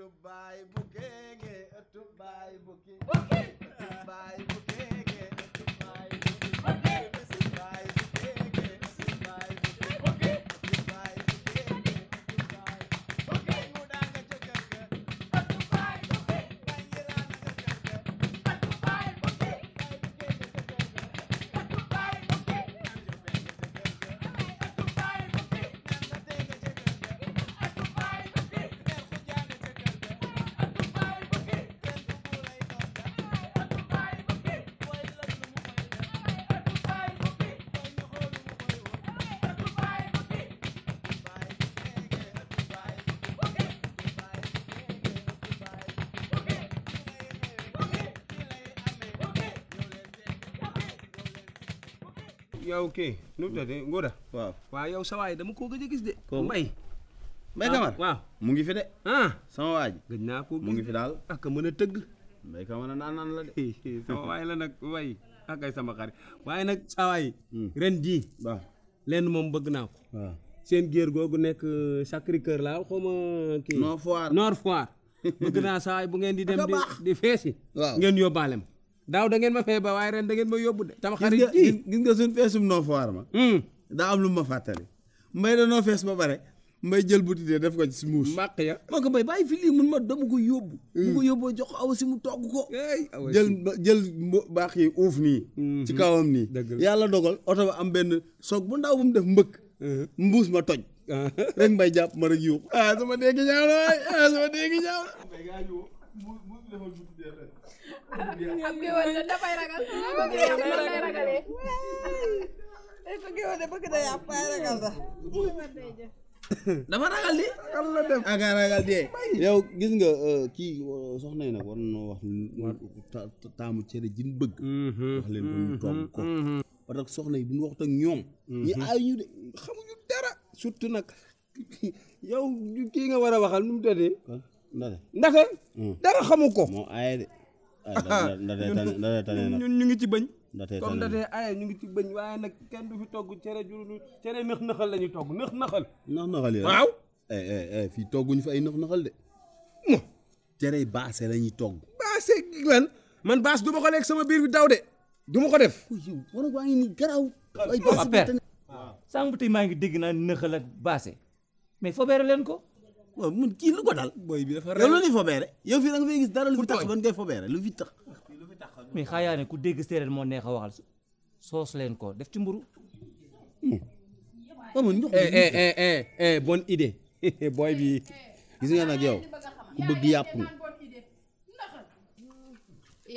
ëttu baay bu kéegee ëttu baay bu kii ëttu baay bu kéegee ëttu baay bu yow kii nu mu tuddati waaw waaw yow sa waay dama koo gëj a gis de. kooku Mbaye. Mbaye Camara waaw mu ngi fi de. Ah. sama waay ji gëj naa koo mu ngi fi daal ak mën a tëgg. Mbaye Camara naan naan la de. sama waay la nag waay ak ay sama xarit waaye nag sa waay. Hmm. ren jii. lenn moom bëgg naa ko. waaw seen géer googu nekk euh, Sacré Cœur laa xaw ma kii. Nord Foire Nord bëgg naa saa bu ngeen di dem di di feesi. ngeen yóbbaale ma daaw da ngeen ma fee ba waaye ren da ngeen ma yóbbu de. tam xarit ji gis nga suñ feesum noo ma. Hmm. daa am lu ma fàttali. mbay danoo fees ba bare mbay jël bu tuddee def ko ci muus. mbàq ya man ko mbay bàyyi fi ma dama ko yóbbu. bu hmm. ko jox aw si mu togg ko. jël jël baax yi uuf nii. Hmm. ci kawam nii. yàlla dogal oto ba am benn soog bu ndaw bu mu def mbëkk. mbuus ma toj. rek mbay jàpp ma rek yuux. ah sama dégg ñaaw ah, ñaaw am géwél la dafay ragal de dafa ragal de yow gis nga kii soxna yi nag war na wax taamu cere jin bëgg wax leen ko ñu toog ko parce que soxna yi bu ñu waxut ñoom ñi aay ñu de xamuñu dara surtout nag yow kii nga war a waxal nu mu tëddee ndake dara xamu moo aaye de Ah, ñun ñu ngi ci bëñ comme datee aye ah, ñu ngi ci bëñ waaye nag kenn du fi togg cere jurulu cere nëx naxal la ñuy togg nëx naxal nëx naxal yi waaw eh, eh, eh, fii togguñu fi ay nëx naxal de mo cere baase la ñuy togg baase lan man baas du ma ko lekk sama biir bi daw de du ma ko def war waa ngi ni garaaw ay baas sànq ba tey maa ngi dégg naa nëxal ak baase mais fobeere leen ko waaw mun kii lu ko dal. booy bi dafa yow lu ñuy fobeere yow fii da nga fay gis dara lu fi tax ba ngay fobeere lu fi tax. mais xaayaa ne ku dégg séeréer moo neex a waxal soos leen ko def ci mburu. Hmm. amul ñox eh, eh, eh, bonne booy bi gis nga nag yow ku bëgg yàpp nga.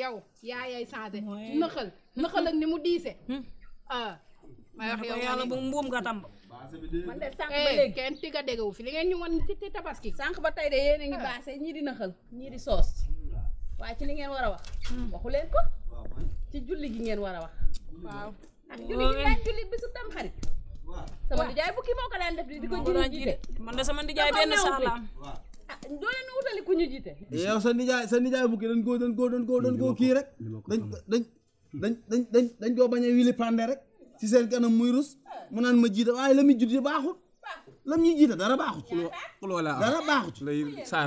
yow yaayay changé. naxal naxal ak ni mu diise. Hmm. Ah. ma wax yow yàlla bu mbuum nga tàmb man de sànq ba eh, léegi kenn tigga déggewu li ngeen ñu wan ci tabaski sànq ba tey de yéen a ngi baase ñii di naxal ñii di soos waa ci li ngeen war a wax hmm. waxu leen ko ci julli gi ngeen war a wax waaw ak julli gi laaj julli bisu tam xarit sama ndijaay bukki moo ko daan def di di ko julli jiite man de sama ndijaay benn saalaam ah doo leen wutali ku ñu jiite eh, yow sa ndijaay sa ndijaay bukki dañ koo dañ koo dañ koo dañ koo kii rek dañ dañ dañ dañ dañ koo bañ a wili pande rek ci seen kanam muy rus mu naan ma jiite waaye la muy jiite baaxul la muy jiite dara baaxut. dara baaxut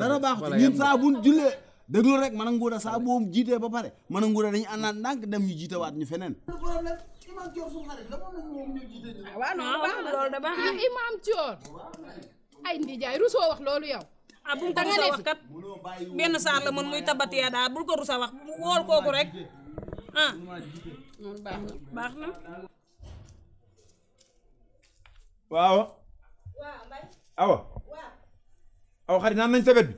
dara baaxut ñun saa bu jullee déglu rek man a nguuda saa boobu jiitee ba pare man a nguuda dañu àndaan ndànk dem ñu jiita waat ñu feneen. imam Dior suñu xarit la moom ñu jiite ñu. waaw non baax na loolu de baax na ah, imam Dior ay ndijaay rusoo wax loolu yow. ah bu mu ko rusa wax kat benn saar la mën muy ko rusa wax kooku rek ah baax baax na. waaw awa aw xarit naan nañ sebet bi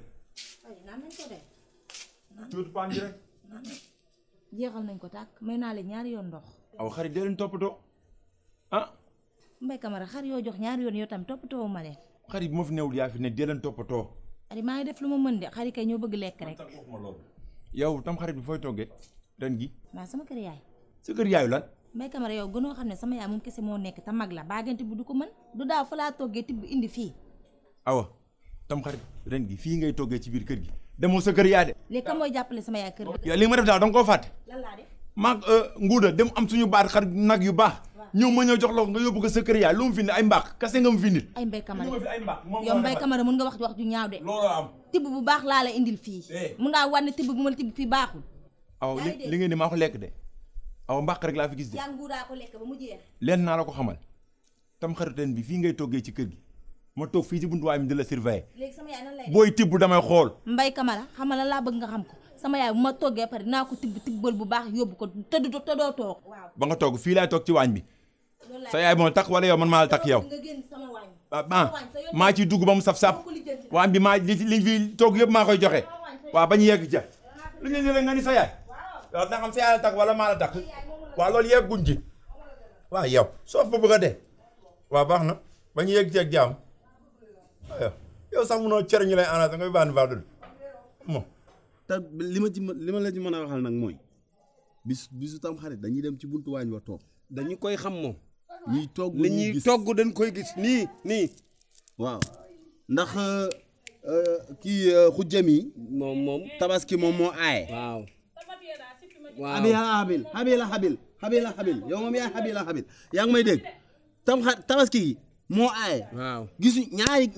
jeexal nañ ko tàkk may naa leen ñaari yoon ndox aw xarit dee leen toppatoo ah mbay kamara xar yoo jox ñaari yoon yoo tam toppatoo ma leen xarit bu ma fi newul yaa fi ne dee leen toppatoo xarit maa ngi def lu ma mën de xarit kay ñoo bëgg lekk rek yow tam xarit bi fooy toggee ren gi waa sama kër yaay sa kër yaayu lan may Camara yow gënoo xam ne sama yaay moom kese moo nekk te mag la baagante bu du ko mën du daaw fa laa toggee tibb fii. awa tam xarit gi fii ngay toggee ci biir kër gi demoo sa kër yaa de. léegi jàppale sama yaay kër ma def daal danga koo fàtte. lan euh, dem am suñu baat xar nag yu baax. ñëw ma jox la nga yóbbu sa kër yaay lu ay mbaax kase nga mu fi ay Mbaye Camara yow Mbaye Camara mun nga wax wax ju bu baax laa la fii. Eh. mun ngaa wan ne tibb bu ma tibb fii baaxul. aw li ngeen di maa ko lekk de aw mbaq rek laa fi gis de. yaa ko lekk ba naa la ko xamal tam xariteen bi fii ngay toggee ci kër gi ma toog fii ci buntuwaay mi di la surveiller. léegi sama yaay nan xool. Mbaye Camara xam la laa bëgg nga xam ko sama ma toggee pare naa ko tibb bu baax yóbbu ko te te doo ba nga toog fii laay toog ci waañ bi. sa yaay wala yow man maa la tax yow. Ah, ah, maa ciy dugg ba mu saf saf. waañ bi li li fi toog yëpp maa koy joxe. waa bañ yegg ja yow dina xam si yaa la takk wala maa la takk waaw loolu yëpp guñ ci waaw yow soo fa bëgg a dee waaw baax na ba ñu yëg ceeg jaam waaw yow sax munoo cere ñu lay anaat nga bànn baadul moom. li ma ci li ma la ci mën a waxal nag mooy bis bisu tam xarit dañuy dem ci buntu waañ wa dañu koy xam moom. ñuy togg li ñuy togg dañ koy gis nii nii. waaw ndax euh, euh, kii xujjam euh, yi. moom moom tabaski moom moo aaye. waaw Habila Habil Habila Habil Habila Habil yow moom yaay Habila Habil yaa ngi may dégg tam xa tabaski moo aaye. waaw gisuñ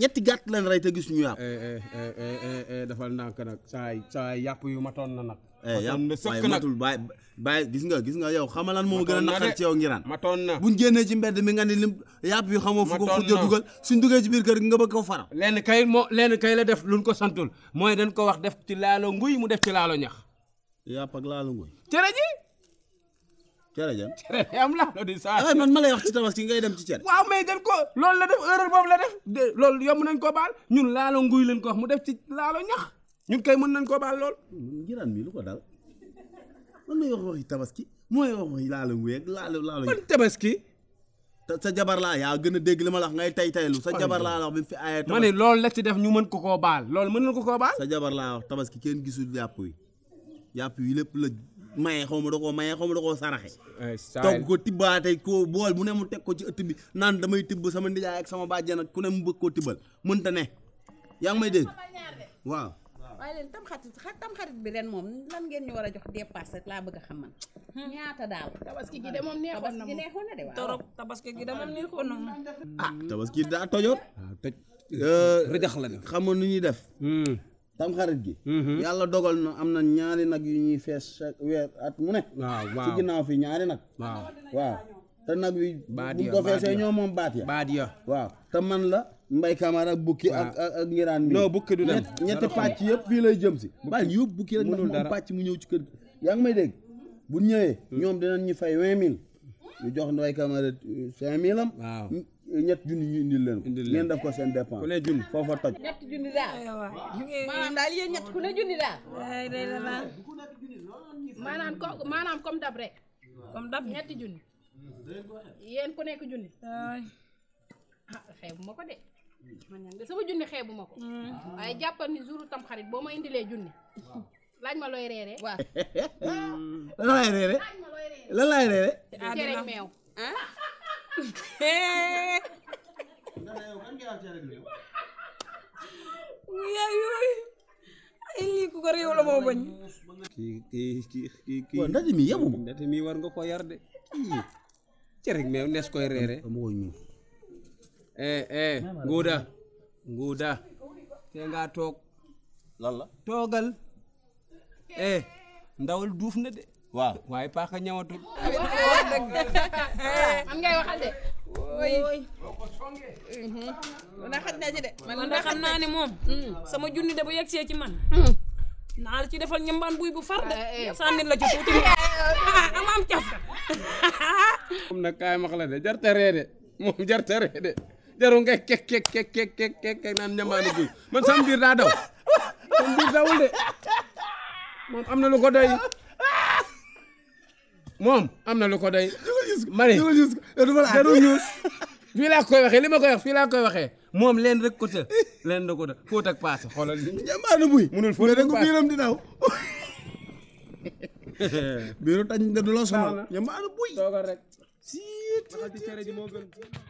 ñetti gàtt lañ rey te gisuñu yàpp. Eh, eh, eh, dafal ndànk nag saa yi saa yi yàpp yu matoon na nag. matoon na sëkk nag matul bàyyi bàyyi gis nga yaw nga yow xamalan moo gën a naqar ci yow ngiraan. matoon na buñ génnee ci mbedd mi nga ni lim yàpp yu xamoo fu ko xujja dugal suñ duggee ci biir kër gi nga bëgg ko faral. lenn kay moo lenn kay la def luñ ko santul mooy dañ ko wax def ci laalo nguy mu def ci laalo ñax. yaa pag laalu nguy cere ji cere jam cere am laalo di saa ay man ma lay wax ci tabaski ngay dem ci cere waaw may dañ ko loolu la def erreur boobu la def loolu yomb nañ koo baal ñun laalo nguy lañ ko wax mu def ci laalo ñax ñun mën nañ koo baal lool jiraan mi lu ko dal man may wax waxi tabaski mooy wax waxi laalo nguy ak laalo yaa gën a dégg li ma la wax ngay tay sa jabar laa la wax fi aayee ma ne ci def ñu mën ko koo baal loolu mën nañ ko koo baal sa jabar laa tabaski kenn gisul yàpp wi yàpp yi lépp la maye xaw ma da koo maye xaw ma da koo saraxe eh, togg ko tibbaate ko bool mu ne mu teg ko ci ëtt bi naan damay tibb sama nijaay ak sama bàjjan ak ku ne mu bëgg koo tibbal mënta ne yaa ngi may dégg waaw waaye moom lan ngeen ñu war a jox dépasse rek laa bëgg a xam man ñaata daal tabaski gi de moom neexoon na neexoon na de gi de moom neexoon na ah, tojoot ah, toj euh, nu ñuy def hmm. tamxarit gi mhm. yàlla dogal na am na ñaari nag yu ñuy fees chaque weer at mu ne ci ginnaaw fi ñaari nag waaw te nag wi buñ ko feesee ñoo moom baat ya baat ya waaw te man la mbay kamara bukki ak ak ngiraan bi non bukki du dem ñetti pàcc yëpp fii lay jëm si baal yóbbu bukki rek ndax moom pàcc mu ñëw ci kër gi yaa ngi may dégg bu ñëwee ñoom dinañ ñu fay vingt mille ñu jox mbay kamara cinq mille am ñett junni ñu indil leen ko. indil ko seen dépense. ku ne junni foofa toj. ñett junni daal. maanaam daal comme dab rek. comme dab ñetti junni. yéen ku nekk junni. ah ma ko de. man de sama junni xeebu ma ko. Mm. waaye jàppal ni tam xarit boo ma indilee junni. laaj ma looy reere. waaw. lan laay reere. lan reere. cere meew. ah. lii ku ko réew moo bañ. kii kii kii kii. waaw ndaje mi yemuma. ndaje war nga ko yar de. kii cere meew nees koy reere. eh eh Ngouda. Ngouda. te ngaa toog. lan la toogal. eh ndawal duuf na de. waaw waaye paaka ñëwatul. man ngay waxal de. ooy. man mm-hmm. xaj naa ci de. de xam naa ne moom. sama junni de bu yegsee ci man. Mm-hmm. la ci defal ñambaan buy bu far de. Ah, eh. sànni la ci tuuti ah am am caf. moom nag kaay de jar teree de moom jar teree de jarul ngay kek kek naan ñambaanu buy man sama biir daa daw sama biir dawul de moom am na lu ko doy. moom am na lu ko doy. ma ne jarul ñuus fii laa koy waxee li ma koy wax fii laa koy waxee moom leen rek ko leen rek ko të fóot ak paase xoolal. jàmbaar na buy munul fóot ak paase biiram dinaw. biiru tañ da du la sonal jàmbaar na buy. toogal rek.